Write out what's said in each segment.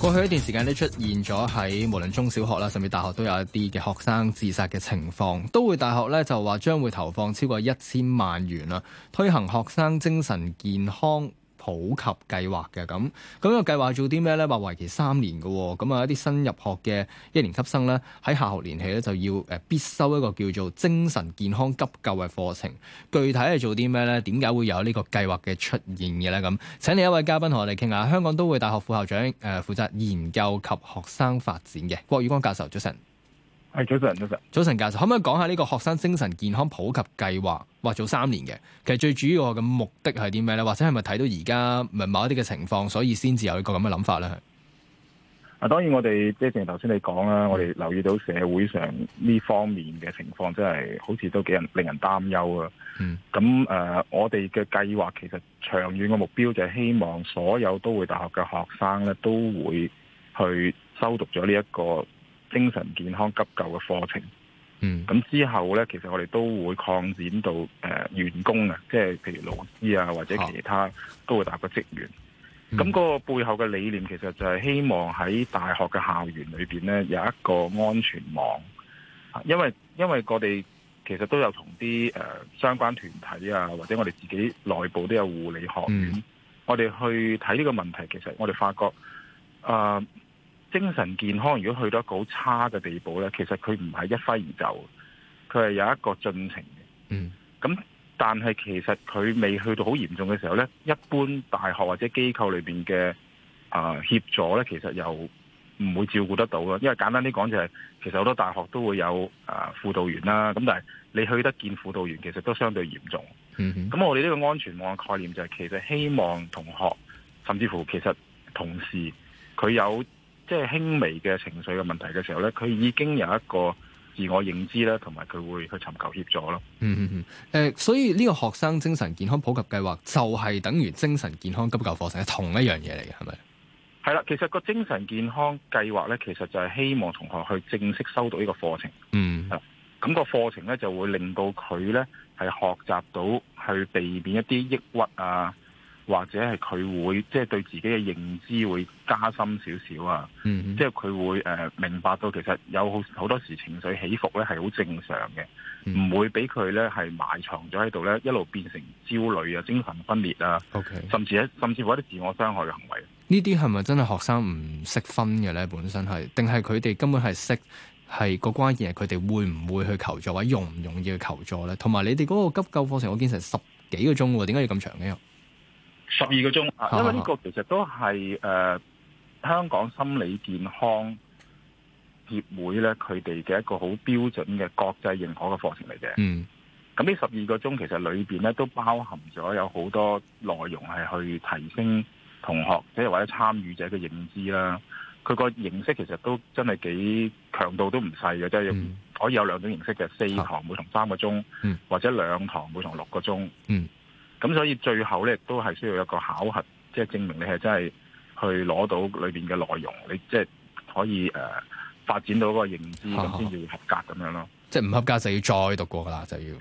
過去一段時間都出現咗喺無論中小學啦，甚至大學都有一啲嘅學生自殺嘅情況，都會大學呢就話將會投放超過一千萬元啦，推行學生精神健康普及計劃嘅。咁，咁個個計劃做啲咩呢？話為期三年嘅，咁啊一啲新入學嘅一年級生呢，喺下學年期呢，就要誒必修一個叫做精神健康急救嘅課程。具體係做啲咩呢？點解會有呢個計劃嘅出現嘅呢？咁請另一位嘉賓同我哋傾下。香港都會大學副校長誒、呃、負責研究及學生發展嘅郭予光教授，早晨。係，早晨，早晨，早晨，教授，可唔可以講下呢個學生精神健康普及計劃，話咗三年嘅，其實最主要我嘅目的係啲咩咧？或者係咪睇到而家唔係某一啲嘅情況，所以先至有一個咁嘅諗法咧？啊，當然我哋即係頭先你講啦，我哋留意到社會上呢方面嘅情況，真係好似都幾人令人擔憂啊。嗯，咁誒、呃，我哋嘅計劃其實長遠嘅目標就係希望所有都會大學嘅學生咧都會去修讀咗呢一個。精神健康急救嘅課程，嗯，咁之後呢，其實我哋都會擴展到誒員工啊，即係譬如老師啊，或者其他都會大學嘅職員。咁、嗯、嗰個背後嘅理念，其實就係希望喺大學嘅校園裏邊呢，有一個安全網。因為因為我哋其實都有同啲誒相關團體啊，或者我哋自己內部都有護理學院，嗯、我哋去睇呢個問題，其實我哋發覺、呃精神健康如果去到一個好差嘅地步呢，其實佢唔係一揮而就，佢係有一個進程嘅。咁、mm-hmm. 但係其實佢未去到好嚴重嘅時候呢，一般大學或者機構裏邊嘅協助呢，其實又唔會照顧得到啦，因為簡單啲講就係、是，其實好多大學都會有啊、呃、輔導員啦。咁但係你去得見輔導員其實都相對嚴重。咁、mm-hmm. 我哋呢個安全網嘅概念就係、是、其實希望同學甚至乎其實同事佢有。即係輕微嘅情緒嘅問題嘅時候咧，佢已經有一個自我認知啦，同埋佢會去尋求協助咯。嗯嗯嗯。誒，所以呢個學生精神健康普及計劃就係等於精神健康急救課程，係同一樣嘢嚟嘅，係咪？係啦，其實個精神健康計劃咧，其實就係希望同學去正式收到呢個課程。嗯。係啦，咁個課程咧就會令到佢咧係學習到去避免一啲抑鬱啊。或者係佢會即係、就是、對自己嘅認知會加深少少啊，嗯、即係佢會誒、呃、明白到其實有好好多時情緒起伏咧係好正常嘅，唔、嗯、會俾佢咧係埋藏咗喺度咧，一路變成焦慮啊、精神分裂啊，okay. 甚至甚至有啲自我傷害嘅行為。呢啲係咪真係學生唔識分嘅咧？本身係定係佢哋根本係識係個關鍵係佢哋會唔會去求助，或者容唔容易去求助咧？同埋你哋嗰個急救課程，我見成十幾個鐘喎，點解要咁長嘅？十二個鐘啊，因為呢個其實都係誒、呃、香港心理健康協會咧，佢哋嘅一個好標準嘅國際認可嘅課程嚟嘅。嗯，咁呢十二個鐘其實裏邊咧都包含咗有好多內容係去提升同學，即係或者參與者嘅認知啦。佢個形式其實都真係幾強度都唔細嘅，即、嗯、係、就是、可以有兩種形式嘅，四堂每堂三個鐘、嗯，或者兩堂每堂六個鐘。嗯。咁所以最後咧，都係需要一個考核，即係證明你係真係去攞到裏面嘅內容，你即係可以誒、呃、發展到嗰個認知，咁先至合格咁樣咯。即係唔合格就要再讀過噶、就是、啦，就要。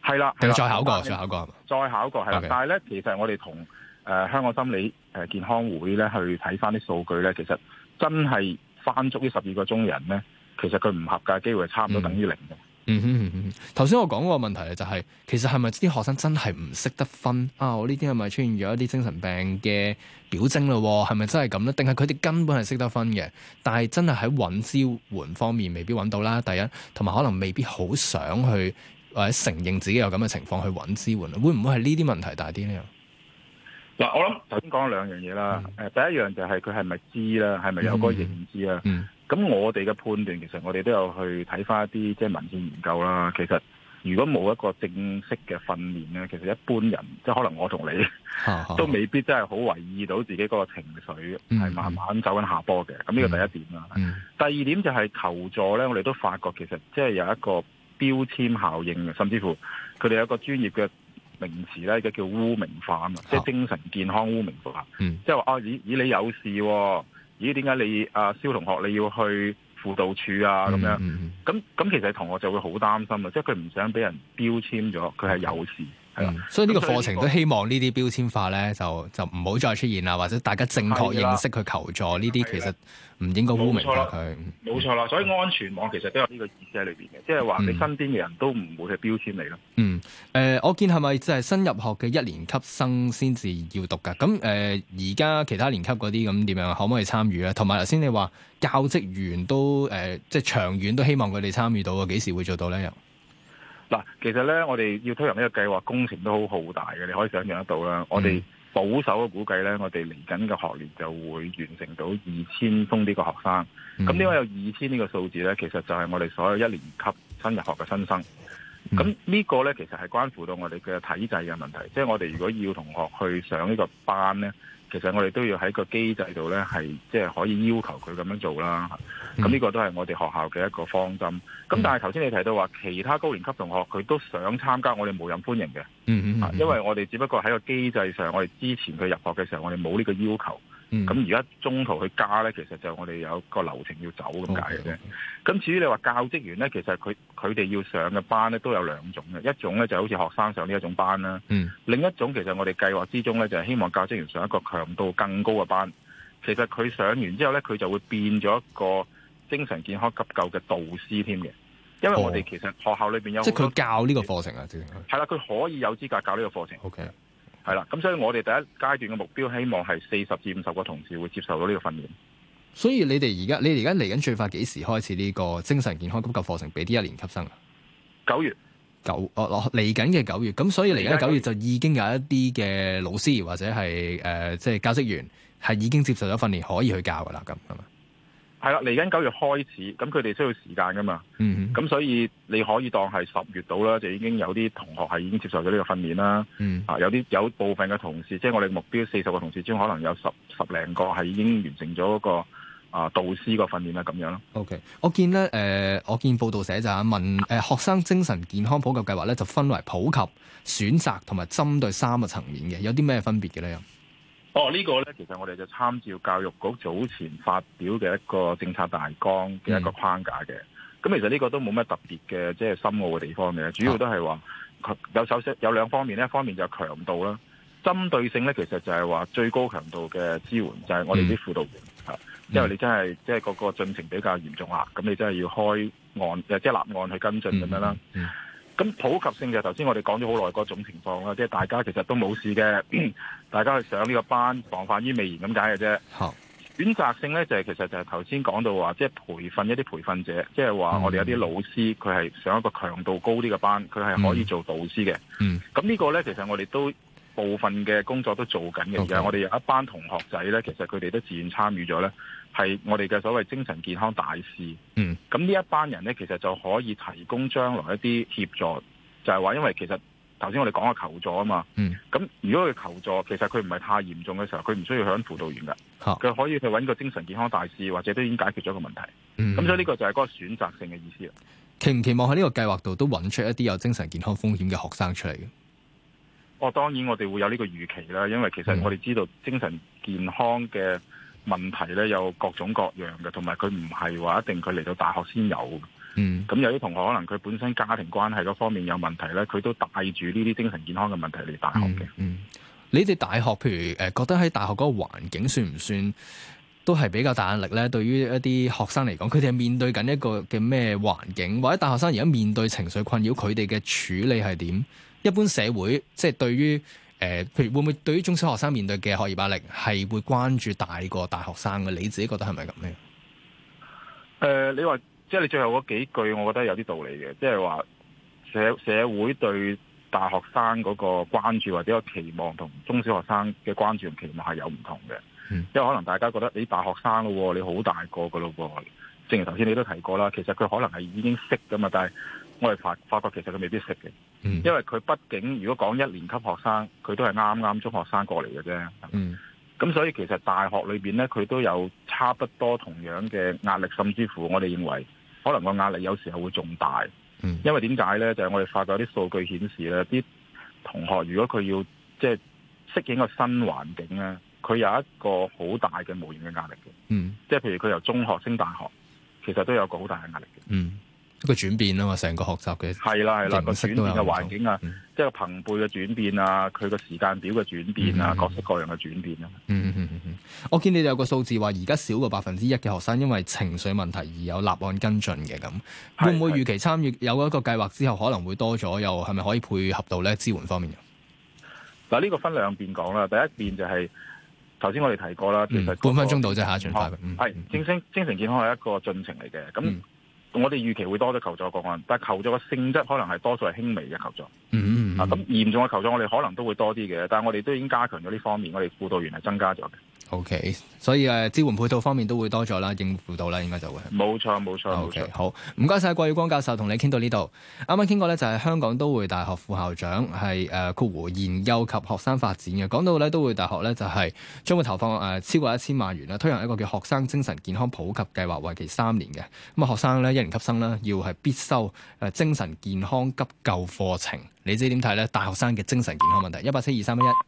係啦，定再考過，再考過再考過係啦，okay. 但係咧，其實我哋同誒香港心理健康會咧去睇翻啲數據咧，其實真係翻足呢十二個鐘人咧，其實佢唔合格嘅機會係差唔多等於零嘅。嗯。嗯哼哼，頭先我講個問題咧，就係、是、其實係咪啲學生真係唔識得分啊？我呢啲係咪出現咗一啲精神病嘅表徵咯？係咪真係咁咧？定係佢哋根本係識得分嘅，但係真係喺揾支援方面未必揾到啦。第一，同埋可能未必好想去或者承認自己有咁嘅情況去揾支援，會唔會係呢啲問題大啲呢？嗱，我諗頭先講兩樣嘢啦。誒，第一樣就係佢係咪知啊？係、嗯、咪有個認知啊？嗯嗯咁我哋嘅判斷，其實我哋都有去睇翻一啲即係文件研究啦。其實如果冇一個正式嘅訓練咧，其實一般人即係可能我同你 都未必真係好留意到自己嗰個情緒係慢慢走緊下坡嘅。咁呢個第一點啦、嗯。第二點就係求助咧，我哋都發覺其實即係有一個標籤效應嘅，甚至乎佢哋有一個專業嘅名詞咧，而家叫污名化啊， 即係精神健康污名化。即係話哦，以、就、以、是啊、你有事、啊。咦？點解你阿肖同學你要去輔導處啊？咁樣咁咁，嗯嗯嗯、其實同學就會好擔心啊！即係佢唔想俾人標籤咗，佢係有事。嗯、所以呢個課程都希望這些標化呢啲標籤化咧，就就唔好再出現啦，或者大家正確認識去求助呢啲，呢啲其實唔應該污名化佢。冇錯啦，所以安全網其實都有呢個意思喺裏邊嘅，即係話你身邊嘅人都唔會係標籤你咯。嗯，誒、呃，我見係咪就係新入學嘅一年級生先至要讀㗎？咁誒，而、呃、家其他年級嗰啲咁點樣可唔可以參與咧？同埋頭先你話教職員都誒、呃，即係長遠都希望佢哋參與到，幾時會做到咧？嗱，其實咧，我哋要推行呢個計劃，工程都好浩大嘅，你可以想象得到啦。我哋保守嘅估計咧，我哋嚟緊嘅學年就會完成到二千封呢個學生。咁點解有二千呢個數字咧？其實就係我哋所有一年級新入學嘅新生。咁呢個咧，其實係關乎到我哋嘅體制嘅問題，即係我哋如果要同學去上呢個班咧。其實我哋都要喺個機制度呢，係即係可以要求佢咁樣做啦。咁呢個都係我哋學校嘅一個方針。咁但係頭先你提到話，其他高年級同學佢都想參加，我哋無任歡迎嘅。嗯嗯，因為我哋只不過喺個機制上，我哋之前佢入學嘅時候，我哋冇呢個要求。咁而家中途去加呢，其實就我哋有個流程要走咁解嘅啫。咁、okay, okay. 至於你話教職員呢，其實佢佢哋要上嘅班呢，都有兩種嘅，一種呢，就好似學生上呢一種班啦、嗯。另一種其實我哋計劃之中呢，就係希望教職員上一個強度更高嘅班。其實佢上完之後呢，佢就會變咗一個精神健康急救嘅導師添嘅，因為我哋其實學校裏邊有、哦、即係佢教呢個課程啊，主要係啦，佢可以有資格教呢個課程。Okay. 係啦，咁所以我哋第一階段嘅目標，希望係四十至五十個同事會接受到呢個訓練。所以你哋而家，你哋而家嚟緊最快幾時開始呢個精神健康急救課程，俾啲一年級生啊？九月，九哦，嚟緊嘅九月。咁所以嚟緊九月就已經有一啲嘅老師或者係誒，即係教職員係已經接受咗訓練，可以去教噶啦，咁係嘛？係啦，嚟緊九月開始，咁佢哋需要時間噶嘛？嗯，咁所以你可以當係十月到啦，就已經有啲同學係已經接受咗呢個訓練啦。嗯，啊，有啲有部分嘅同事，即係我哋目標四十個同事之中，可能有十十零個係已經完成咗個啊導師個訓練啦，咁樣咯。OK，我見咧，誒、呃，我見報道寫就係問誒學生精神健康普及計劃咧，就分為普及、選擇同埋針對三個層面嘅，有啲咩分別嘅咧？哦，呢、這個呢，其實我哋就參照教育局早前發表嘅一個政策大綱嘅一個框架嘅，咁、嗯、其實呢個都冇乜特別嘅，即、就、係、是、深奧嘅地方嘅、嗯，主要都係話有首先有兩方面呢，一方面就強度啦，針對性呢，其實就係話最高強度嘅支援就係我哋啲輔導員嚇，因、嗯、為你真係即係個個進程比較嚴重啦，咁你真係要開案，即、就、係、是、立案去跟進咁、嗯、樣啦。嗯嗯咁普及性就係頭先我哋講咗好耐嗰種情況啦，即係大家其實都冇事嘅，大家去上呢個班，防範於未然咁解嘅啫。好選擇性呢，就係就係其實就係頭先講到話，即係培訓一啲培訓者，即係話我哋有啲老師佢係上一個強度高啲嘅班，佢係可以做導師嘅。嗯，咁，嗯，呢個呢，其實我哋都。部分嘅工作都做緊嘅，okay. 我哋有一班同學仔呢，其實佢哋都自願參與咗呢，係我哋嘅所謂精神健康大使。嗯，咁呢一班人呢，其實就可以提供將來一啲協助，就係、是、話，因為其實頭先我哋講嘅求助啊嘛。咁、嗯、如果佢求助，其實佢唔係太嚴重嘅時候，佢唔需要響輔導員噶，佢、啊、可以去揾個精神健康大使，或者都已經解決咗個問題。咁、嗯、所以呢個就係嗰個選擇性嘅意思。期唔期望喺呢個計劃度都揾出一啲有精神健康風險嘅學生出嚟？我、哦、當然我哋會有呢個預期啦，因為其實我哋知道精神健康嘅問題呢，有各種各樣嘅，同埋佢唔係話一定佢嚟到大學先有。嗯，咁有啲同學可能佢本身家庭關係嗰方面有問題呢，佢都帶住呢啲精神健康嘅問題嚟大學嘅、嗯。嗯，你哋大學譬如覺、呃、覺得喺大學嗰個環境算唔算都係比較大壓力呢？對於一啲學生嚟講，佢哋係面對緊一個嘅咩環境，或者大學生而家面對情緒困擾，佢哋嘅處理係點？一般社會即係對於誒、呃，譬如會唔會對於中小學生面對嘅學業壓力係會關注大過大學生嘅？你自己覺得係咪咁呢？誒、呃，你話即係你最後嗰幾句，我覺得有啲道理嘅，即係話社社會對大學生嗰個關注或者個期望，同中小學生嘅關注同期望係有唔同嘅、嗯。因為可能大家覺得你大學生咯，你好大個噶咯噃。正如頭先你都提過啦，其實佢可能係已經識噶嘛，但係我哋發發覺其實佢未必識嘅。嗯、因為佢畢竟如果講一年級學生，佢都係啱啱中學生過嚟嘅啫。咁、嗯、所以其實大學裏邊咧，佢都有差不多同樣嘅壓力，甚至乎我哋認為可能個壓力有時候會仲大、嗯。因為點解咧？就係、是、我哋發覺啲數據顯示咧，啲同學如果佢要即係適應個新環境咧，佢有一個好大嘅無形嘅壓力嘅。即、嗯、係譬如佢由中學升大學，其實都有一個好大嘅壓力嘅。嗯一個轉變啊嘛，成個學習嘅係啦係啦，是啊，個轉變嘅環境啊，嗯、即係朋輩嘅轉變啊，佢個時間表嘅轉變啊，嗯，各式各樣嘅轉變啊。嗯嗯嗯，嗯我見你哋有個數字話，而家少過百分之一嘅學生因為情緒問題而有立案跟進嘅，咁，會唔會預期參與有一個計劃之後可能會多咗？又係咪可以配合到呢支援方面？嗱，呢個分兩邊講啦。第一邊就係頭先我哋提過啦，嗯其實那個，半分鐘到啫吓，下一轉。係、啊嗯嗯，精神精神健康係一個進程嚟嘅，咁。嗯我哋預期會多啲求助個案，但係求助嘅性質可能係多數係輕微嘅求助。Mm-hmm. 啊，咁嚴重嘅求助我哋可能都會多啲嘅，但係我哋都已經加強咗呢方面，我哋輔導員係增加咗嘅。O.K.，所以誒支援配套方面都會多咗啦，應付到啦，應該就會。冇錯，冇錯，O.K.，好，唔該晒，郭予光教授，同你傾到呢度。啱啱傾過咧，就係香港都會大學副校長係誒括弧研究及學生發展嘅。講到咧，都會大學咧就係將會投放、呃、超過一千萬元啦，推行一個叫學生精神健康普及計劃，為期三年嘅。咁啊，學生咧一年級生啦，要係必修精神健康急救課程。你知點睇咧？大學生嘅精神健康問題，一八七二三一。